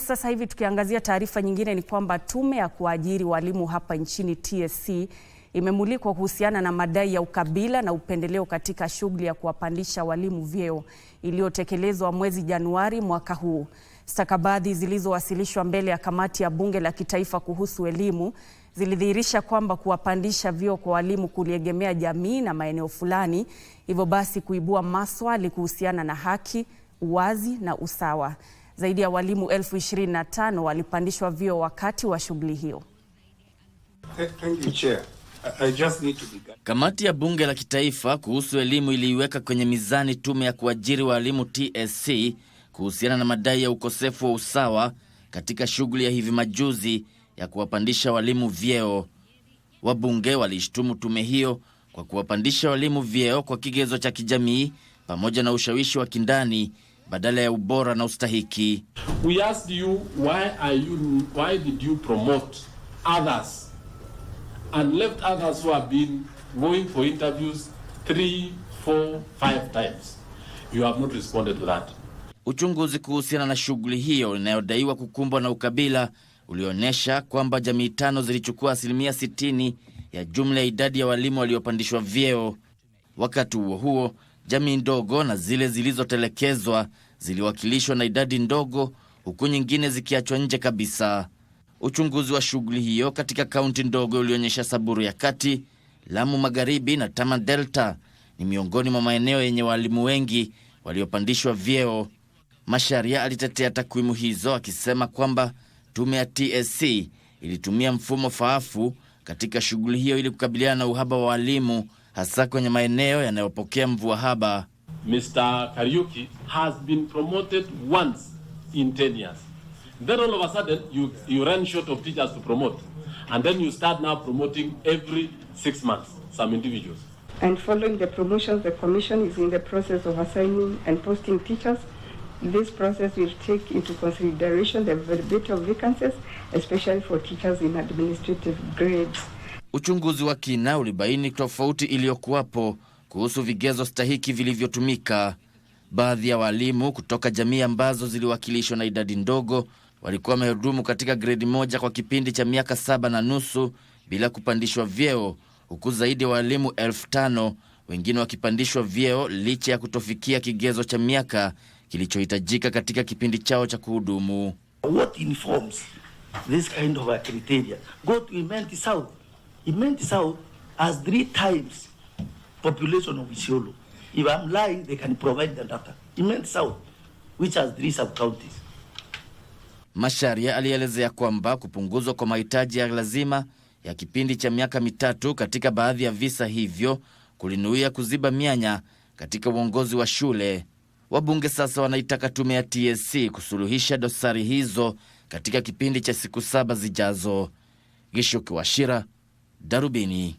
Sasa hivi tukiangazia taarifa nyingine ni kwamba tume ya kuajiri walimu hapa nchini TSC imemulikwa kuhusiana na madai ya ukabila na upendeleo katika shughuli ya kuwapandisha walimu vyeo iliyotekelezwa mwezi Januari mwaka huu. Stakabadhi zilizowasilishwa mbele ya kamati ya bunge la kitaifa kuhusu elimu zilidhihirisha kwamba kuwapandisha vyeo kwa walimu kuliegemea jamii na maeneo fulani, hivyo basi kuibua maswali kuhusiana na haki, uwazi na usawa. Zaidi ya walimu elfu walipandishwa vyeo wakati wa shughuli hiyo. Kamati ya bunge la kitaifa kuhusu elimu iliiweka kwenye mizani tume ya kuajiri walimu TSC kuhusiana na madai ya ukosefu wa usawa katika shughuli ya hivi majuzi ya kuwapandisha walimu vyeo. Wabunge walishtumu tume hiyo kwa kuwapandisha walimu vyeo kwa kigezo cha kijamii pamoja na ushawishi wa kindani badala ya ubora na ustahiki. We asked you why are you why did you promote others and left others who have been going for interviews three, four, five times. You have not responded to that. Uchunguzi kuhusiana na shughuli hiyo inayodaiwa kukumbwa na ukabila ulionyesha kwamba jamii tano zilichukua asilimia 60 ya jumla ya idadi ya walimu waliopandishwa vyeo. Wakati huo huo, jamii ndogo na zile zilizotelekezwa ziliwakilishwa na idadi ndogo, huku nyingine zikiachwa nje kabisa. Uchunguzi wa shughuli hiyo katika kaunti ndogo ulionyesha Saburu ya Kati, Lamu Magharibi na Tama Delta ni miongoni mwa maeneo yenye waalimu wengi waliopandishwa vyeo. Masharia alitetea takwimu hizo akisema kwamba tume ya TSC ilitumia mfumo faafu katika shughuli hiyo ili kukabiliana na uhaba wa walimu hasa kwenye maeneo yanayopokea mvua haba. Mr. Kariuki has been promoted once in 10 years. Then all of a sudden, you, you run short of teachers to promote. And then you start now promoting every six months, some individuals. And following the promotions, the commission is in the process of assigning and posting teachers. This process will take into consideration the availability of vacancies, especially for teachers in administrative grades. Uchunguzi wa kina ulibaini tofauti iliyokuwapo kuhusu vigezo stahiki vilivyotumika. Baadhi ya walimu kutoka jamii ambazo ziliwakilishwa na idadi ndogo walikuwa wamehudumu katika gredi moja kwa kipindi cha miaka saba na nusu bila kupandishwa vyeo, huku zaidi ya walimu elfu tano wengine wakipandishwa vyeo licha ya kutofikia kigezo cha miaka kilichohitajika katika kipindi chao cha kuhudumu. Kind of population of Isiolo. If I'm lying, they can provide the data. It meant south, which has three sub-counties. Macharia alielezea kwamba kupunguzwa kwa mahitaji ya lazima ya kipindi cha miaka mitatu katika baadhi ya visa hivyo kulinuia kuziba mianya katika uongozi wa shule. Wabunge sasa wanaitaka tume ya TSC kusuluhisha dosari hizo katika kipindi cha siku saba zijazo. Gishuki Kiwashira, Darubini.